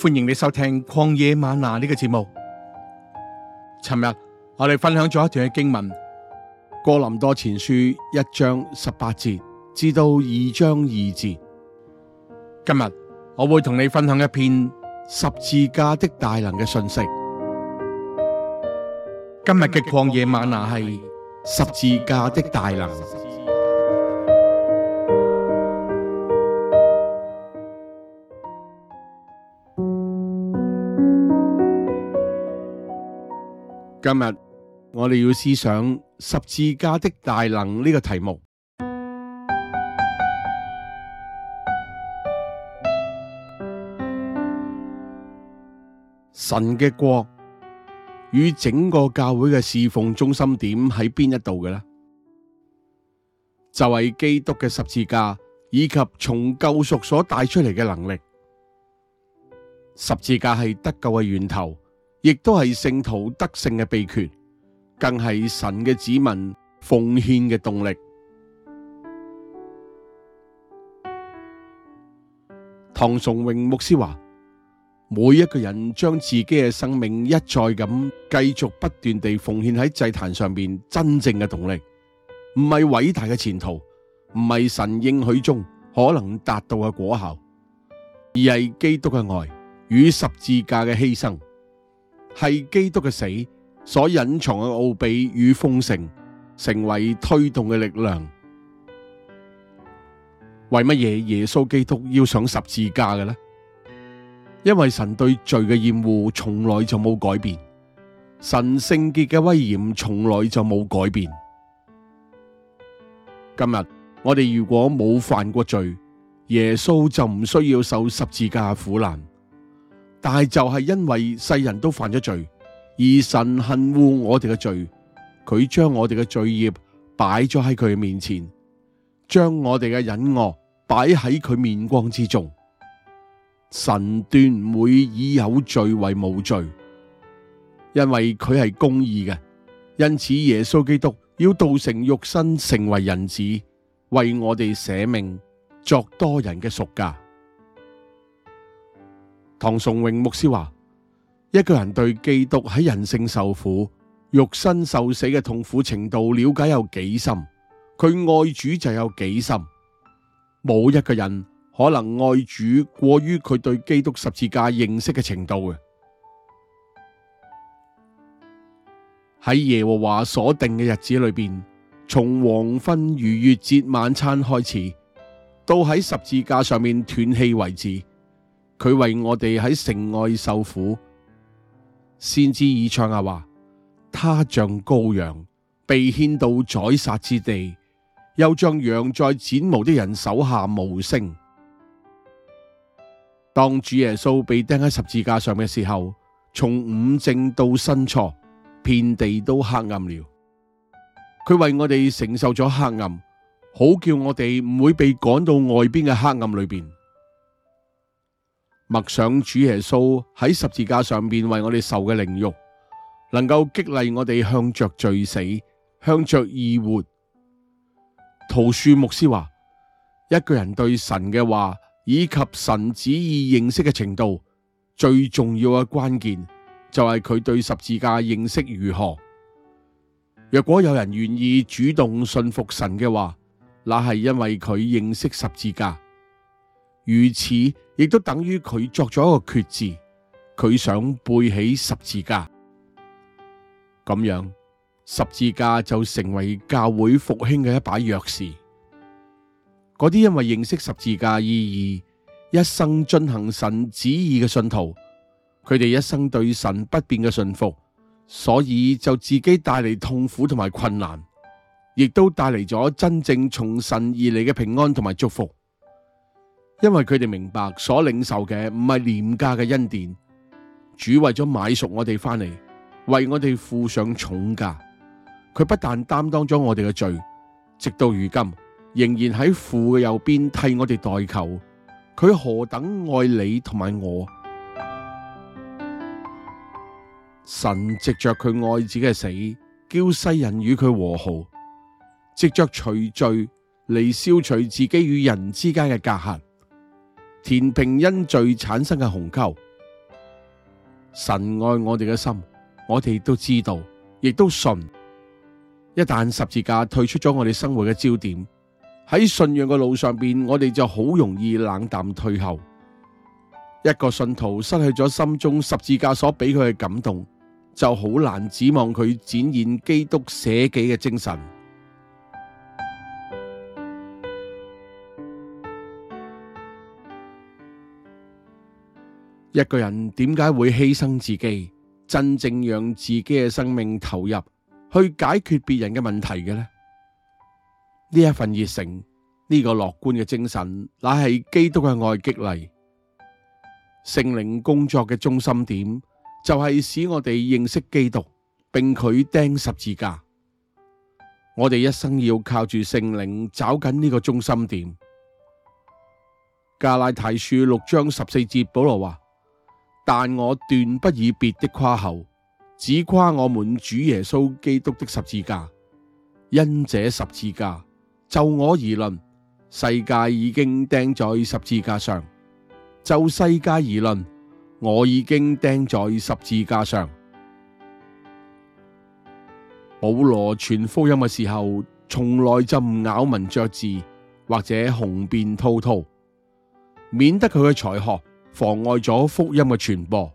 歡迎你收聽《曠野嗎哪》呢個節目。尋日我哋分享咗一段嘅經文《哥林多前書》一章十八節至到二章二節。今日我會同你分享一篇十字架的大能嘅信息。今日嘅曠野嗎哪係十字架的大能。今日我哋要思想十字架的大能呢、這個題目。神嘅國與整個教會嘅侍奉中心點喺邊一度嘅咧？就係、是、基督嘅十字架以及從救贖所帶出嚟嘅能力。十字架係得救嘅源頭。亦都係聖徒得勝嘅秘訣，更係神嘅子民奉獻嘅動力。唐崇榮牧師話：每一個人將自己嘅生命一再咁繼續不斷地奉獻喺祭壇上面，真正嘅動力唔係偉大嘅前途，唔係神應許中可能達到嘅果效，而係基督嘅愛與十字架嘅犧牲。係基督嘅死所隱藏嘅奧秘與豐盛成為推動嘅力量。為乜嘢耶穌基督要上十字架嘅呢？因為神對罪嘅厭惡從來就冇改變，神聖潔嘅威嚴從來就冇改變。今日我哋如果冇犯過罪，耶穌就唔需要受十字架苦難。但係就係因為世人都犯咗罪，而神恨惡我哋嘅罪，佢將我哋嘅罪孽擺咗喺佢面前，將我哋嘅隱惡擺喺佢面光之中。神斷唔會以有罪為無罪，因為佢係公義嘅。因此耶穌基督要道成肉身成為人子，為我哋捨命作多人嘅贖價。唐崇榮牧師話：一個人對基督喺人性受苦、肉身受死嘅痛苦程度了解有幾深，佢愛主就有幾深。冇一個人可能愛主過於佢對基督十字架認識嘅程度嘅。喺耶和華所定嘅日子裏邊，從黃昏逾越節晚餐開始，到喺十字架上面斷氣為止。佢為我哋喺城外受苦，先知以賽亞話：他像羔羊，被牽到宰殺之地，又像羊在剪毛的人手下無聲。當主耶穌被釘喺十字架上嘅時候，從午正到申初，遍地都黑暗了。佢為我哋承受咗黑暗，好叫我哋唔會被趕到外邊嘅黑暗裏邊。默想主耶穌喺十字架上邊為我哋受嘅凌辱，能夠激勵我哋向着罪死，向着義活。陶恕牧師話：一個人對神嘅話以及神旨意認識嘅程度，最重要嘅關鍵就係佢對十字架認識如何。若果有人願意主動信服神嘅話，那係因為佢認識十字架。如此。亦都等於佢作咗一個決志，佢想背起十字架，咁樣十字架就成為教會復興嘅一把鑰匙。嗰啲因為認識十字架意義，一生遵行神旨意嘅信徒，佢哋一生對神不變嘅信服，所以就自己帶嚟痛苦同埋困難，亦都帶嚟咗真正從神而嚟嘅平安同埋祝福。因為佢哋明白所領受嘅唔係廉價嘅恩典，主為咗買贖我哋翻嚟，為我哋付上重價。佢不但擔當咗我哋嘅罪，直到如今仍然喺父嘅右邊替我哋代求。佢何等愛你同埋我？神藉着佢愛子嘅死，叫世人與佢和好，藉着除罪嚟，消除自己與人之間嘅隔閡，填平因罪產生嘅鴻溝，神愛我哋嘅心，我哋都知道，亦都信。一旦十字架退出咗我哋生活嘅焦點，喺信仰嘅路上邊，我哋就好容易冷淡退後。一個信徒失去咗心中十字架所俾佢嘅感動，就好難指望佢展現基督捨己嘅精神。一個人點解會犧牲自己，真正讓自己嘅生命投入去解決別人嘅問題嘅呢？呢一份熱誠，呢、呢個樂觀嘅精神，乃係基督嘅愛激勵。聖靈工作嘅中心點，就係、是、使我哋認識基督，並佢釘十字架。我哋一生要靠住聖靈，找緊呢個中心點。加拉太書六章十四節，保羅話。但我斷不以別的誇口，只誇我們主耶穌基督的十字架。因這十字架就我而論，世界已經釘在十字架上；就世界而論，我已經釘在十字架上。保羅傳福音嘅時候，從來就唔咬文嚼字，或者雄辯滔滔，免得佢嘅才學。妨礙咗福音嘅傳播，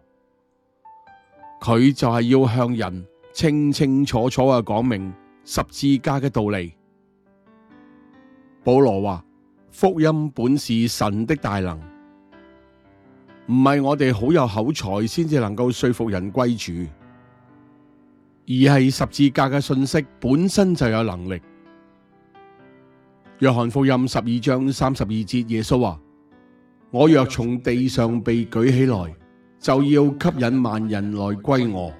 佢就係要向人清清楚楚噉講明十字架嘅道理。保羅話：福音本是神的大能，唔係我哋好有口才先至能夠說服人歸主，而係十字架嘅信息本身就有能力。約翰福音十二章三十二節，耶穌話。我若從地上被舉起來，就要吸引萬人來歸我。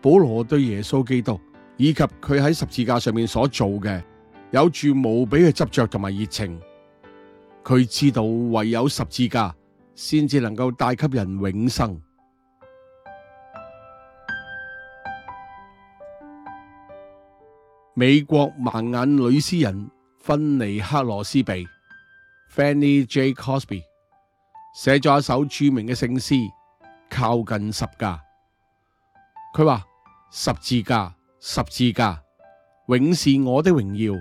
保羅對耶穌基督以及佢喺十字架上面所做嘅，有住無比嘅執着同埋熱情。佢知道唯有十字架先至能夠帶給人永生。美國盲眼女詩人芬尼克羅斯比。Fanny J. Crosby 寫咗一首著名嘅聖詩《靠近十字架》，佢話十字架，十字架，永是我的榮耀，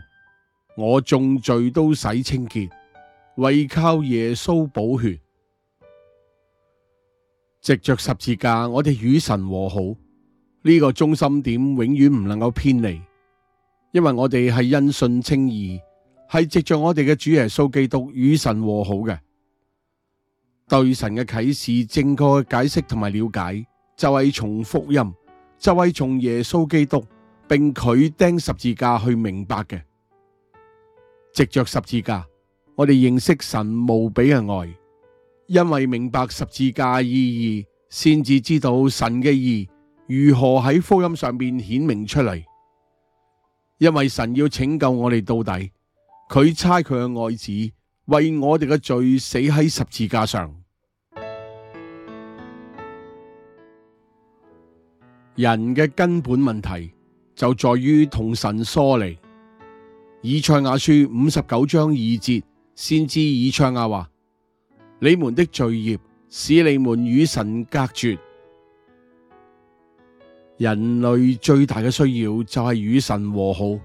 我重罪都洗清潔，為靠耶穌寶血，藉着十字架，我哋與神和好。呢、這個中心點永遠唔能夠偏離，因為我哋係因信稱義。係藉着我哋嘅主耶穌基督與神和好嘅。對神嘅啟示正確嘅解釋同埋了解，就係從福音，就係從耶穌基督，並佢釘十字架去明白嘅。藉着十字架，我哋認識神無比嘅愛，因為明白十字架意義，先至知道神嘅義如何喺福音上面顯明出嚟。因為神要拯救我哋到底。佢差佢嘅愛子為我哋嘅罪死喺十字架上。人嘅根本問題就在於同神疏離。以賽亞書五十九章二節先知以賽亞話：你們的罪孽使你們與神隔絕。人類最大嘅需要就係與神和好。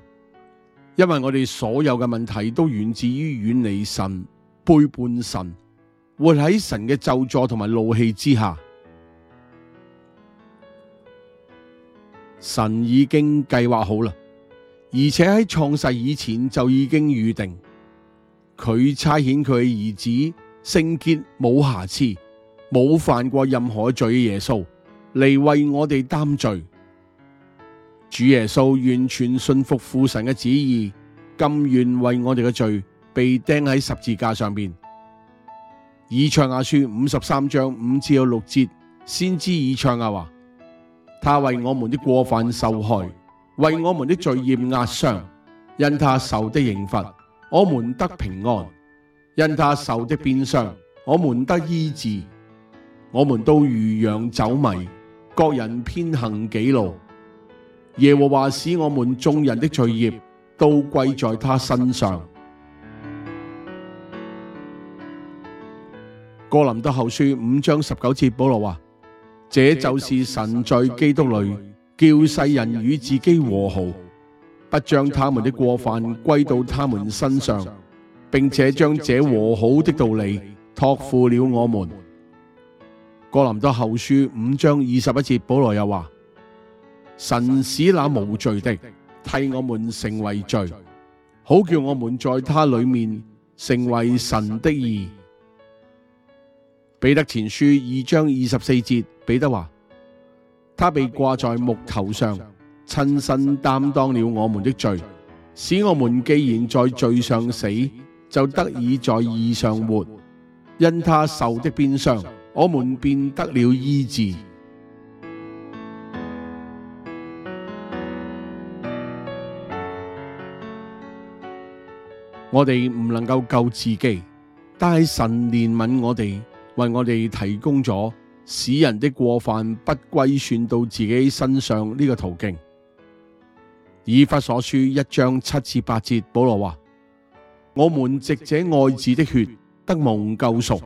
因為我哋所有嘅問題都源自於遠離神、背叛神，活喺神嘅咒詛同埋怒氣之下。神已經計劃好啦，而且喺創世以前就已經預定，佢差遣佢嘅兒子聖潔、冇瑕疵、冇犯過任何罪嘅耶穌嚟為我哋擔罪。主耶穌完全信服父神嘅旨意，甘願為我哋嘅罪被釘喺十字架上邊。以賽亞書五十三章五至六節，先知以賽亞話：他為我們的過犯受害，為我們的罪孽壓傷。因他受的刑罰，我們得平安；因他受的鞭傷，我們得醫治。我們都如羊走迷，各人偏行己路。耶和華使我們眾人的罪孽都歸在他身上。哥林多後書五章十九節，保羅話：這就是神在基督裏叫世人與自己和好，不將他們的過犯歸到他們身上，並且將這和好的道理託付了我們。哥林多後書五章二十一節，保羅又話。神使那無罪的替我們成為罪，好叫我們在他裏面成為神的義。彼得前書二章二十四節，彼得話：他被掛在木頭上，親身擔當了我們的罪，使我們既然在罪上死，就得以在義上活。因他受的鞭傷，我們便得了醫治。我哋唔能夠救自己，但係神憐憫我哋，為我哋提供咗使人的過犯不歸算到自己身上呢個途徑。以弗所書一章七至八節，保羅話：我們藉這愛子的血得蒙救贖，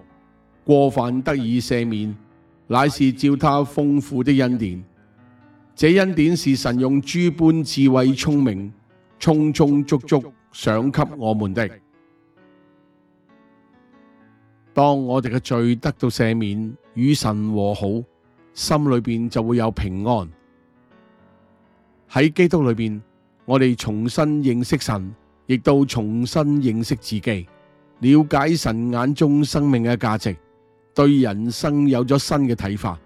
過犯得以赦免，乃是照他豐富的恩典。這恩典是神用諸般智慧聰明，充充足足。想給我們的，當我哋嘅罪得到赦免，與神和好，心裏邊就會有平安。喺基督裏邊，我哋重新認識神，亦都重新認識自己，了解神眼中生命嘅價值，對人生有咗新嘅睇法，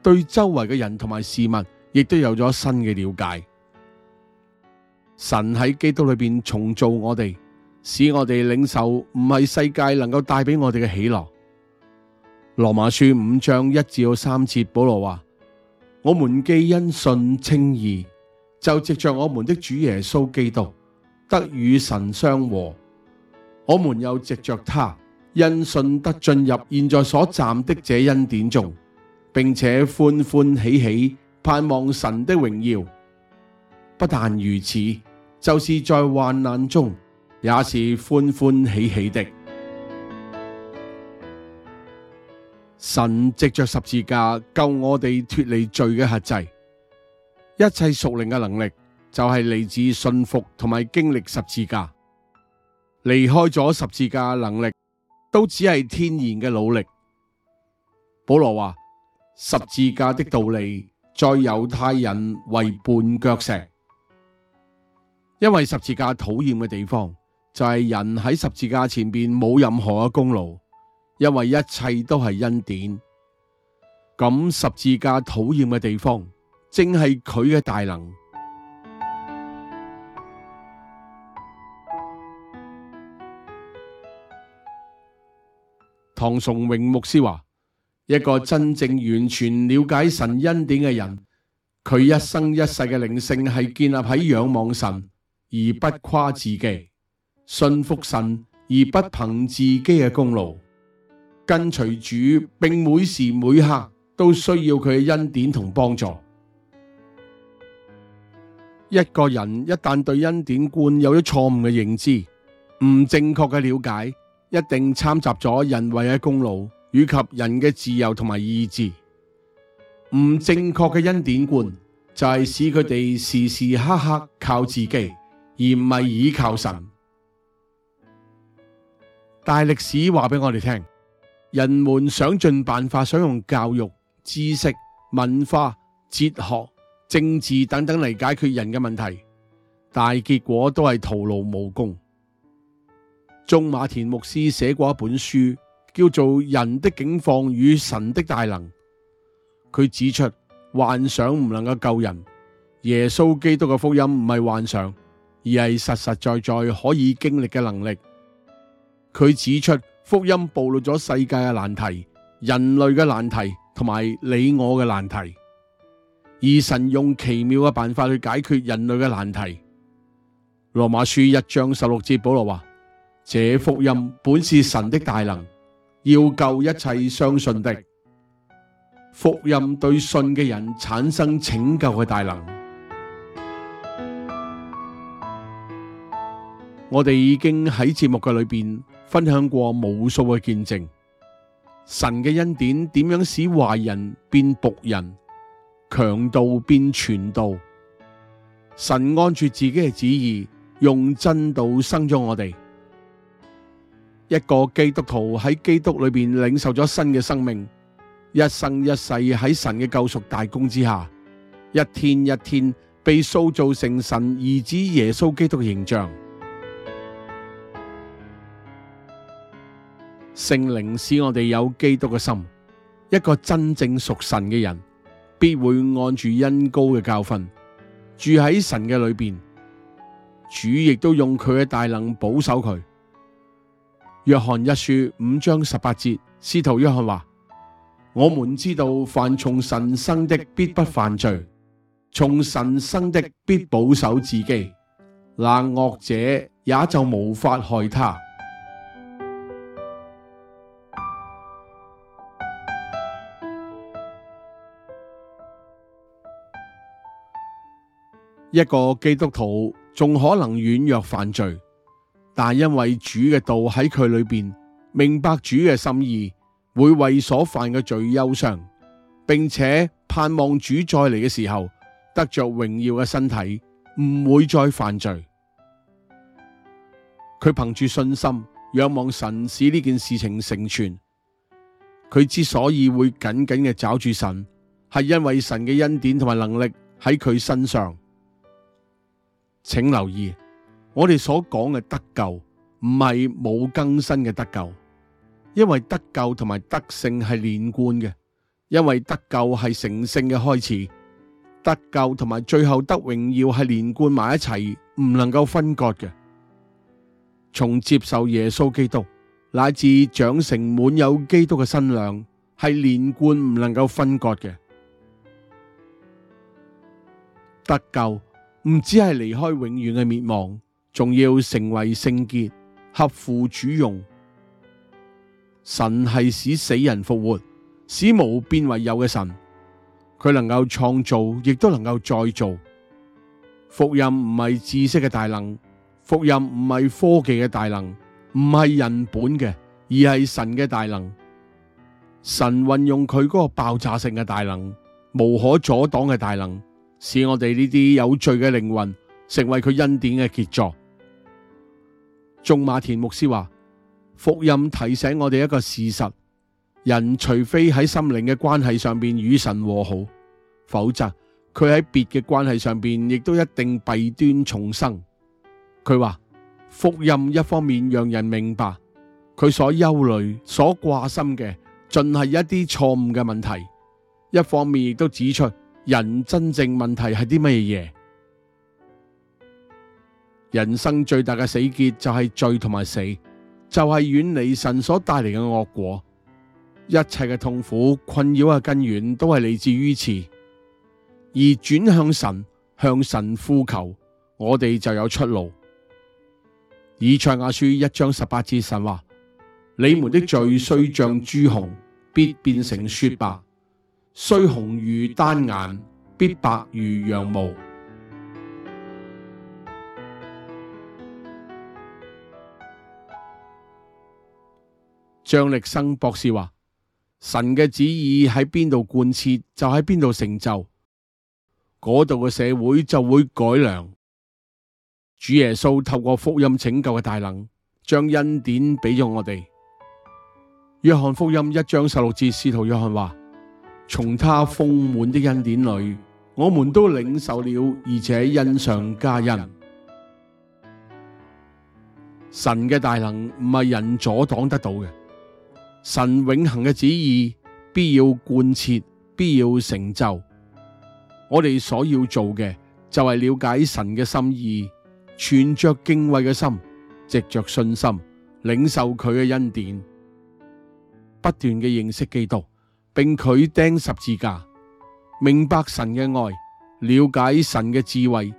對周圍嘅人同埋事物，亦都有咗新嘅了解。神喺基督裏邊重造我哋，使我哋領受唔係世界能夠帶俾我哋嘅喜樂。羅馬書五章一至到三節，保羅話：我們既因信稱義，就藉着我們的主耶穌基督得與神相和。我們又藉着他因信得進入現在所站的這恩典中，並且歡歡喜喜盼望神的榮耀。不但如此，就是在患難中也是歡歡喜喜的。神藉着十字架救我哋脫離罪嘅轄制，一切屬靈嘅能力就係嚟自信服同埋經歷十字架。離開咗十字架，能力都只係天然嘅努力。保羅話：十字架的道理在猶太人為絆腳石。因為十字架討厭嘅地方就係人喺十字架前面冇任何嘅功勞，因為一切都係恩典。咁十字架討厭嘅地方正係佢嘅大能。唐崇榮牧師話：一個真正完全了解神恩典嘅人，佢一生一世嘅靈性係建立喺仰望神。而不誇自己，信服神而不憑自己嘅功勞，跟隨主，並每時每刻都需要佢嘅恩典同幫助。一個人一旦對恩典觀有咗錯誤嘅認知，唔正確嘅了解，一定摻雜咗人為嘅功勞以及人嘅自由同埋意志。唔正確嘅恩典觀就係使佢哋時時刻刻靠自己。而唔係倚靠神。大歷史話俾我哋聽，人們想盡辦法，想用教育、知識、文化、哲學、政治等等嚟解決人嘅問題，但係結果都係徒勞無功。中馬田牧師寫過一本書，叫做《人的境況與神的大能》，佢指出幻想唔能夠救人，耶穌基督嘅福音唔係幻想。而係實實在在可以經歷嘅能力。佢指出福音暴露咗世界嘅難題、人類嘅難題同埋你我嘅難題。而神用奇妙嘅辦法去解決人類嘅難題。羅馬書一章十六節保羅話：這福音本是神的大能，要救一切相信的。福音對信嘅人產生拯救嘅大能。我哋已經喺節目嘅裏邊分享過無數嘅見證，神嘅恩典點樣使壞人變僕人，強盜變道變傳道。神按住自己嘅旨意，用真道生咗我哋一個基督徒，喺基督裏邊領受咗新嘅生命，一生一世喺神嘅救贖大功之下，一天一天被塑造成神兒子耶穌基督嘅形象。聖靈使我哋有基督嘅心，一個真正屬神嘅人，必會按住恩膏嘅教訓，住喺神嘅裏邊。主亦都用佢嘅大能保守佢。約翰一書五章十八節，司徒約翰話：我們知道，凡從神生的，必不犯罪；從神生的，必保守自己。那惡者也就無法害他。一個基督徒仲可能軟弱犯罪，但因為主嘅道喺佢裏邊，明白主嘅心意，會為所犯嘅罪憂傷，並且盼望主再嚟嘅時候，得着榮耀嘅身體，唔會再犯罪。佢憑住信心仰望神，使呢件事情成全。佢之所以會緊緊嘅抓住神，係因為神嘅恩典同埋能力喺佢身上。請留意，我哋所講嘅得救唔係冇更新嘅得救，因為得救同埋得聖係連貫嘅，因為得救係成聖嘅開始，得救同埋最後得榮耀係連貫埋一齊，唔能夠分割嘅。從接受耶穌基督，乃至長成滿有基督嘅身量，係連貫唔能夠分割嘅得救，唔止係離開永遠嘅滅亡，仲要成為聖潔、合乎主用。神係使死人復活、使無變為有嘅神。佢能夠創造，亦都能夠再造。福音唔係知識嘅大能，福音唔係科技嘅大能，唔係人本嘅，而係神嘅大能。神運用佢嗰個爆炸性嘅大能，無可阻擋嘅大能。使我哋呢啲有罪嘅靈魂成為佢恩典嘅傑作。鍾馬田牧師話：福音提醒我哋一個事實，人除非喺心靈嘅關係上邊與神和好，否則佢喺別嘅關係上邊亦都一定弊端叢生。佢話：福音一方面讓人明白佢所憂慮、所掛心嘅盡係一啲錯誤嘅問題，一方面亦都指出。人真正問題係啲乜嘢？人生最大嘅死結就係罪同埋死，就係、是、遠離神所帶來嘅惡果。一切嘅痛苦、困擾嘅根源都係嚟自於此。而轉向神，向神呼求，我哋就有出路。以賽亞書一章十八節神話：你們的罪雖像朱紅，必變成雪白。雖紅如丹顏，必白如羊毛。張力生博士話：神嘅旨意喺邊度貫徹，就喺邊度成就，嗰度嘅社會就會改良。主耶穌透過福音拯救嘅大能，將恩典俾咗我哋。約翰福音一章十六節，司徒約翰話。從他豐滿的恩典裏，我們都領受了，而且恩上加恩。神嘅大能唔係人阻擋得到嘅。神永恆嘅旨意必要貫徹，必要成就。我哋所要做嘅就係了解神嘅心意，存着敬畏嘅心，藉着信心領受佢嘅恩典，不斷嘅認識基督。並佢釘十字架，明白神嘅愛，了解神嘅智慧，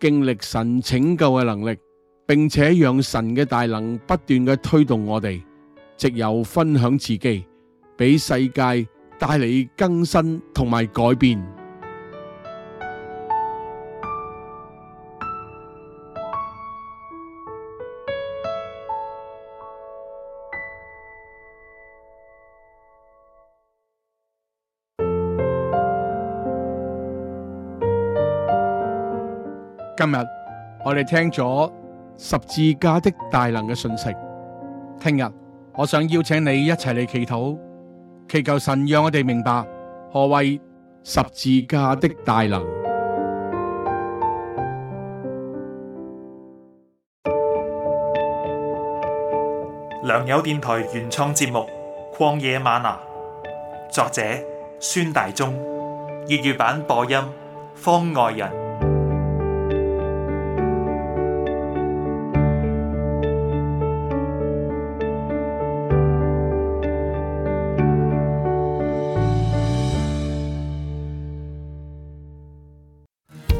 經歷神拯救嘅能力，並且讓神嘅大能不斷嘅推動我哋，藉由分享自己，俾世界帶嚟更新同埋改變。今日我哋聽咗十字架的大能嘅訊息，聽日我想邀請你一齊嚟祈禱，祈求神讓我哋明白何謂十字架的大能。良友電台原創節目《曠野嗎哪》，作者孫大中，粵語版播音方外人。